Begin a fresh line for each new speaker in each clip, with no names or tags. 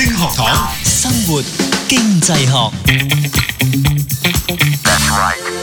財星學堂，生活經濟學。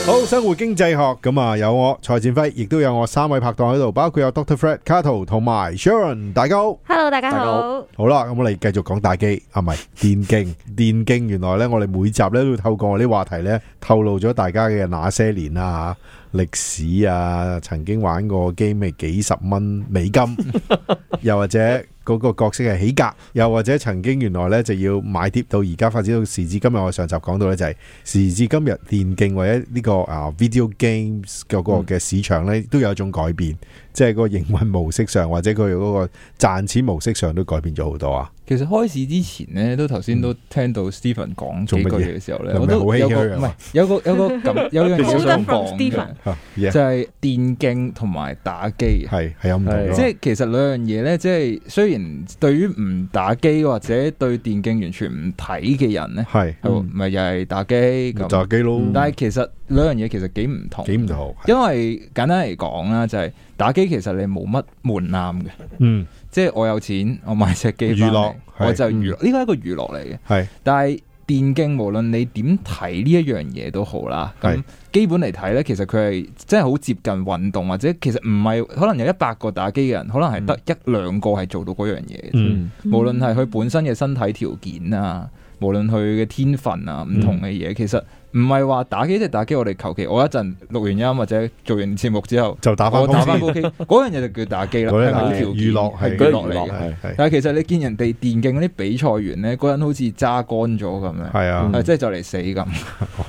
好，生活經濟學咁啊，有我蔡展輝，亦都有我三位拍檔喺度，包括有 Doctor Fred Carter 同埋 Sharon。大家好，Hello，大家好。好啦，咁我哋繼續講打機，係咪電競？電競原來呢，我哋每集呢都會透過我啲話題呢，透露咗大家嘅那些年啦，吓。.歷史啊，曾經玩過 game 係幾十蚊美金。 又或者嗰個角色係起格，又或者曾經原來呢就要買碟，到而家發展到時至今日，我上集講到呢，就係時至今日電競或者呢個啊 video games 嗰個嘅市場呢，嗯、都有一種改變。即係個營運模式上，或者佢嗰個賺錢模式上都
改變咗好多啊！其實開始之前咧，都頭先都聽到 Steven 講幾句嘅時候咧，我都有個有個有樣有樣嘢想講，Steven 就係電競同埋打機係係有唔同，即係其實兩樣嘢咧，即係雖然對於唔打機或者對電競完全唔睇嘅人咧，係咪又係打機咁打機咯？但係其實兩樣嘢其實幾唔同，幾唔同，因為簡單嚟講啦，就係。打機其實你冇乜門檻嘅，嗯，即係我有錢，我買隻機，娛樂我就娛樂，呢個係一個娛樂嚟嘅。係是，但係電競無論你點睇呢一樣嘢都好啦，咁、嗯、是基本嚟睇呢，其實佢係真係好接近運動或者其實唔係，可能有一百個打機嘅人，可能係得一兩個係做到嗰樣嘢。嗯，無論係佢本身嘅身體條件啊，無論佢嘅天分啊，唔同嘅嘢、嗯、其實。唔係話打機即係打機，我哋求其我一陣錄完音或者做完節目之後就打翻。我打翻 V O K 嗰樣嘢就叫打機啦，係好條件，係娛樂，係娛樂嚟嘅。但係其實你見人哋電競嗰啲比賽員咧，個人好似揸乾咗咁樣，係啊，係即係就嚟死咁。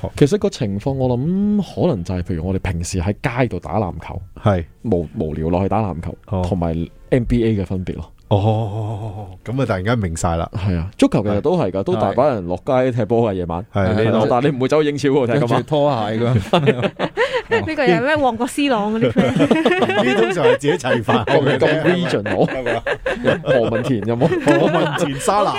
嗯、
其實個情況我諗可能就係，譬如我哋平時喺街度打籃球，係是無無聊落去打籃球，同埋 N B A 嘅分別咯。哦，咁啊，突然間明晒啦，係啊，足球其實都係噶，都大把人落街踢波啊，夜晚係，但係你唔會走英超㗎嘛，拖鞋噶嘛，呢個
又咩旺角 C 朗嗰啲，
基本上係自己砌飯，咁威俊冇
啊嘛，何文田有冇？何
文田沙拿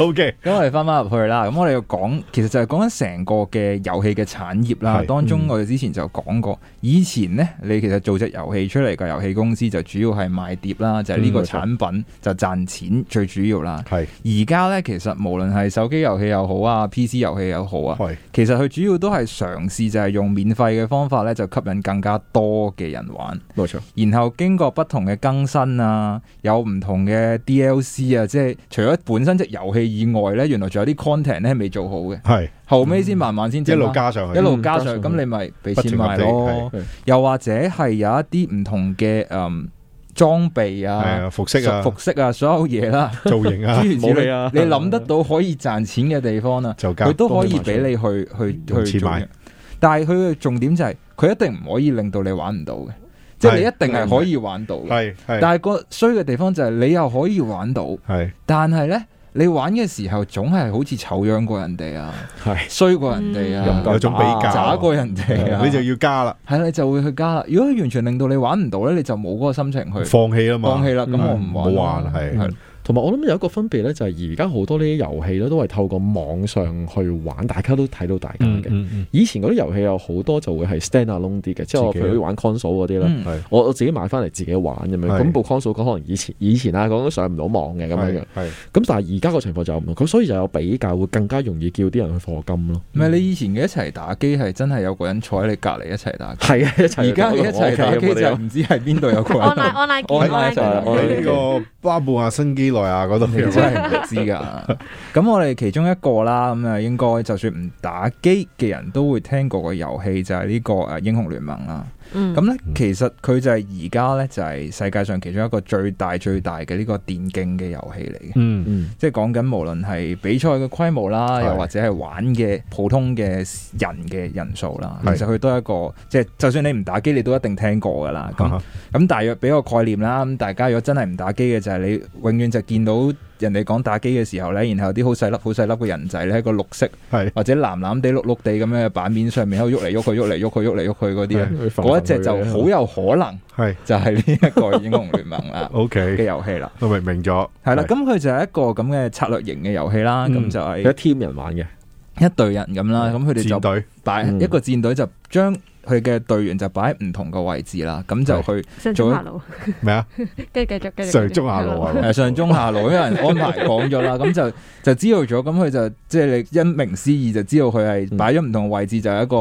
，OK，咁我哋翻翻入去啦，咁我哋要講，其實就係講緊成個嘅遊戲嘅產業啦，當中我哋之前就講過，以前呢，你其實做隻遊戲出嚟嘅遊戲公司就主要係賣碟啦。就係呢個產品就賺錢最主要啦。係而家呢，其實無論係手機遊戲又好啊，PC 遊戲又好啊，其實佢主要都係嘗試就係用免費嘅方法呢，就吸引更加多嘅人玩。冇錯，然後經過不同嘅更新啊，有唔同嘅 DLC 啊，即係除咗本身隻遊戲以外呢，原來仲有啲 content 呢未做好嘅。係後尾先慢慢先一路加上去，一路加上去。咁你咪俾錢買咯。又或者係有一啲唔同嘅嗯。裝備啊，服飾啊，所有嘢啦、啊，造型啊，無厘 類啊，你諗得到可以賺錢嘅地方啦、啊，佢都 可以俾你去加你去像去做。但係佢嘅重點就係、是，佢一定唔可以令到你玩唔到嘅，即係你一定係可以玩到嘅。是但係個衰嘅地方就係，你又可以玩到。係是，但係呢。你玩嘅時候總係好似醜樣過人哋啊，衰是過人哋啊，嗯、又有種比較渣過人哋啊，的你就要加啦。係啦，你就會去加啦。如果完全令到你玩唔到咧，你就冇嗰個心情去放棄吖嘛。放棄啦，咁、嗯、我唔玩啦。係。
同埋我諗有一個分別咧，就係而家好多呢啲遊戲咧，都係透過網上去玩，大家都睇到大家嘅。以前嗰啲遊戲有好多就會係 stand alone 啲嘅，即係我譬如玩 console 嗰啲咧，我我自己買翻嚟自己玩咁樣。咁部 console 可能以前以前啊講都上唔到網嘅咁樣。咁但係而家個情況就唔同，咁所以就有比較會更加容易
叫啲人去課金咯。唔係你以前嘅一齊打機係真係有個人坐喺你隔籬一齊打，係啊，而家你一齊打機就唔知係邊度有個人。我喺一呢個巴布亞新幾啊！度你真係唔知噶。咁我哋其中一個啦，咁啊應該就算唔打機嘅人都會聽過、就是、個遊戲就係呢個誒英雄聯盟啦。咁咧、嗯，其實佢就係而家咧就係、是、世界上其中一個最大最大嘅呢個電競嘅遊戲嚟嘅。嗯、即係講緊無論係比賽嘅規模啦，又或者係玩嘅普通嘅人嘅人數啦，是其實佢都係一個即係、就是、就算你唔打機，你都一定聽過噶啦。咁咁、啊、哈大約俾個概念啦。咁大家如果真係唔打機嘅，就係你永遠就，見到人哋講打機嘅時候呢，然後啲好細粒好細粒嘅人仔呢，一個綠色是或者藍藍地、綠綠地咁嘅版面，上面喺度喐嚟喐去、喐嚟喐去、喐嚟喐去嗰啲、嗰 一隻就好有可能，係就係呢一個英雄聯盟啦嘅遊戲啦。 okay，我明明咗係啦，咁佢就係一個咁嘅策略型嘅遊戲啦。咁、嗯、就係一 team 人玩嘅，一隊人咁啦。咁佢哋就隊。一個戰隊就將佢嘅隊員就擺喺唔同嘅位置啦，咁就去下路，咩 啊？繼續，
繼續上中下路， 上中下路，有人安排
講咗啦，咁 就就知道咗，咁佢就即係你，因名思義就知道佢係擺咗唔同位置，嗯、就係一個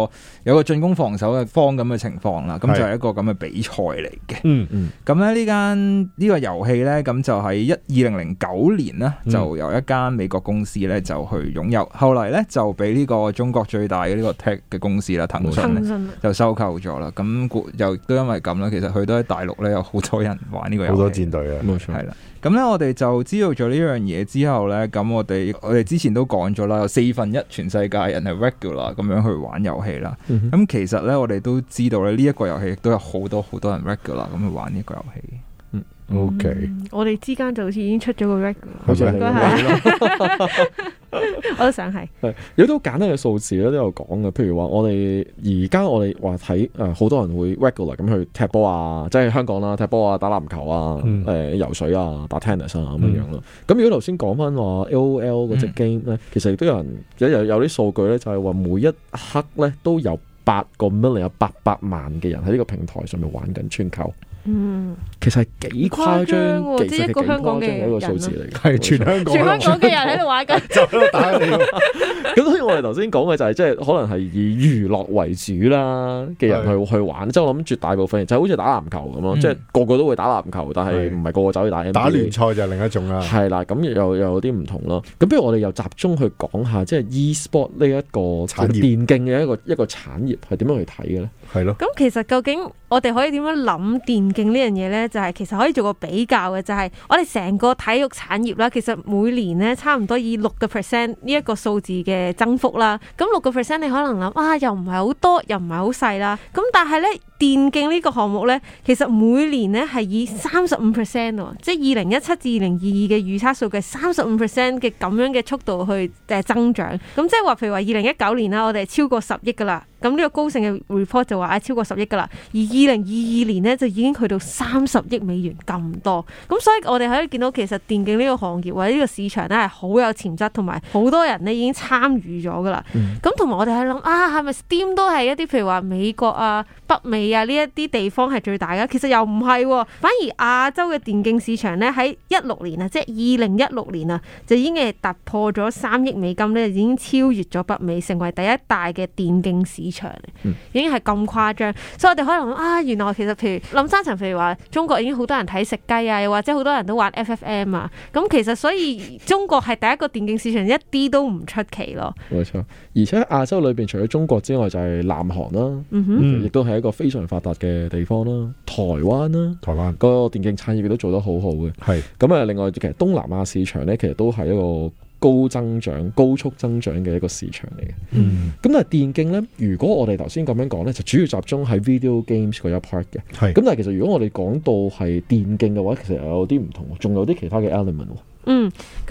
有個進攻防守嘅方咁嘅情況啦，咁、嗯、就係一個咁嘅比賽嚟嘅。嗯咁咧、這個、呢間呢個遊戲咧，咁就喺一二零零九年呢，就由一間美國公司咧就去擁有，嗯、後嚟咧就俾呢個中國最大嘅呢個 Tech 嘅公司啦，騰訊就收購咗啦，咁又都因為咁啦，其實佢都喺大陸咧有好多人玩呢個遊戲，好多戰隊啊，冇錯，係啦，咁咧我哋就知道咗呢樣嘢之後咧，咁我哋我哋之前都講咗啦，有四分一全世界人係 regular 咁樣去玩遊戲啦，咁、嗯、其實咧我哋都知道咧呢一個遊戲亦都有好多好多人 regular 咁去玩呢個遊戲，OK
我哋之間就好似已經出咗個
regular，
好啊、okay。
我都想係
有啲好簡單嘅數字咧都有講嘅，譬如話我哋而家我哋話睇誒，好、呃、多人會 regular 咁去踢波啊，即係香港啦、啊、踢波啊，打籃球啊，誒、呃、游水啊，打 tennis 啊咁樣樣咯。咁、嗯、如果頭先講翻話 L O L 嗰隻 game 咧，嗯、其實亦都有人有有啲數據咧，就係、是、話每一刻咧都有八個 million 有八百萬嘅人喺呢個平台上面玩緊傳球。嗯，其實係幾誇張，張，只、啊、一個數字只香港嘅人係、啊、全香港，全香港嘅人喺
度玩緊，打電
話。 頭先講嘅就係即係可能係以娛樂為主啦嘅人去去玩，即係的我諗絕大部分人就係好似打籃球咁咯，嗯、即係個個都會打籃球，但係唔係個個走去打 v, 的。打聯賽就係另一種啦、啊。係啦，咁又又有啲唔同咯。咁不如我哋又集中去講下，即、就、係、是、e-sport 呢一個產業電競嘅一個一個產業係點樣去睇嘅咧？係咯。
咁其實究竟我哋可以點樣諗電競呢樣嘢咧？就係、是、其實可以做個比較嘅，就係、是、我哋成個體育產業啦。其實每年咧差唔多以六、個 percent 呢一個數字嘅增幅。啦，咁六個 percent 你可能諗啊，又唔係好多，又唔係好細啦，咁但係咧。電競呢個項目咧，其實每年咧係以三十五 percent，即係二零一七至二零二二嘅預測數據，三十五 percent 嘅咁樣嘅速度去誒增長。咁即係話，譬如話二零一九年啦，我哋係超過十億噶啦。咁呢個高盛嘅 report 就話啊，超過十億噶啦。而二零二二年咧，就已經去到三十億美元咁多。咁所以我哋可以見到，其實電競呢個行業或者呢個市場咧係好有潛質，同埋好多人呢已經參與咗噶啦。咁同埋我哋喺諗啊，係咪 Steam 都係一啲譬如話美國啊、北美啊。啊！呢一啲地方係最大嘅，其實又唔係，哦，反而亞洲嘅電競市場咧，喺一六年啊，即係二零一六年啊，就已經係突破咗三億美金咧，已經超越咗北美，成為第一大嘅電競市場，已經係咁誇張。嗯、所以我哋可能啊，原來其實如譬如林生陳譬如話，中國已經好多人睇食雞啊，又或者好多人都玩 FFM 啊，咁其實所以中國係第一個電競市場， 一啲都唔出奇咯。
冇錯，而且亞洲裏邊除咗中國之外，就係、是、南韓啦，亦都係一個非常。非常發達嘅地方啦，台灣啦，台灣灣個電競產業都做得好好嘅。係咁啊，另外其實東南亞市場咧，其實都係一個高增長、高速增長嘅一個市場嚟嘅。嗯，咁但係電競咧，如果我哋頭先咁樣講咧，就主要集中喺 video games 嗰一 part 嘅。係咁是，但係其實如果我哋講到係電競嘅話，其實有啲唔同，仲有啲其他嘅 element。
嗯，咁、嗯嗯嗯嗯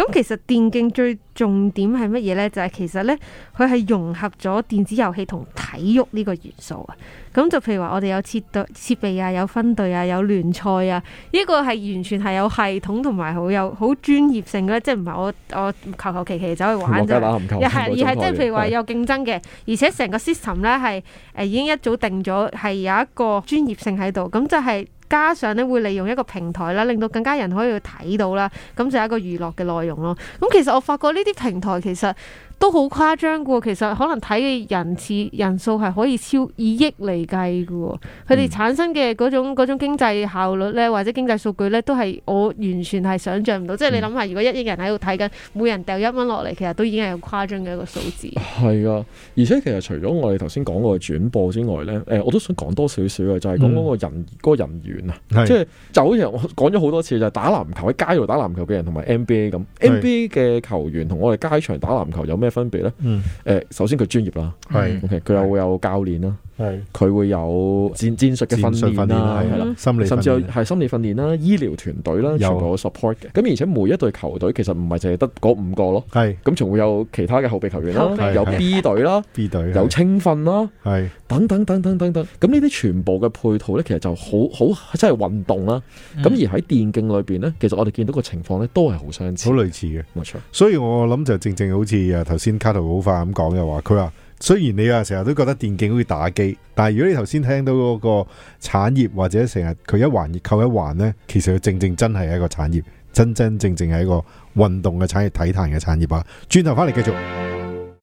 嗯、其實電競最重點係乜嘢咧？就係、是、其實咧，佢係融合咗電子遊戲同體育呢個元素啊。咁就譬如話，我哋有設備、設備啊，有分隊啊，有聯賽啊，呢、這個係完全係有系統同埋好有好專業性嘅，即係唔係我我求求其其走去玩啫。隨隨而係而係即係譬如話有競爭嘅，嗯、而且成個 system 咧係誒已經一早定咗，係有一個專業性喺度，咁就係、是。加上咧，會利用一個平台啦，令到更加人可以去睇到啦。咁就係一個娛樂嘅內容咯。咁其實我發覺呢啲平台其實～都好誇張噶，其實可能睇嘅人次人數係可以超二億嚟計噶，佢哋、嗯、產生嘅嗰種嗰種經濟效率咧，或者經濟數據咧，都係我完全係想象唔到。嗯、即係你諗下，如果一億人喺度睇緊，每人掉一蚊落嚟，其實都已經係有誇張嘅一個數字。
係啊，而且其實除咗我哋頭先講個轉播之外咧，誒、呃，我都想講多少少嘅，就係講嗰個人嗰、嗯、個人員啊，即係的就，就好似我講咗好多次，就係、是、打籃球喺街度打籃球嘅人，同埋 NBA 咁，NBA 嘅球員同我哋街場打籃球有咩？咩分別咧？誒、嗯，首先佢專業啦，係、嗯，佢又會有教練啦。嗯嗯係佢會有戰戰術嘅訓練啦，係啦，甚至有係心理訓練啦，醫療團隊啦，全部有 support 嘅。咁而且每一隊球隊其實唔係淨係得嗰五個咯，係咁，仲會有其他嘅後備球員啦，有 B 隊啦，B 隊有青訓啦，係等等等等等等。咁呢啲全部嘅配套咧，其實就好好真係運動啦。咁而喺電競裏邊咧，其實我哋見到個
情況咧，都係好相似，好類似嘅，冇錯。所以我諗就正正好似誒頭先卡頭好快咁講嘅話，佢話。雖然你啊成日都覺得電競好似打機，但係如果你頭先聽到嗰個產業或者成日佢一環而扣一環呢，其實佢正正真係一個產業，真真正正係一個運動嘅產業、體壇嘅產業啊！轉頭翻嚟繼續。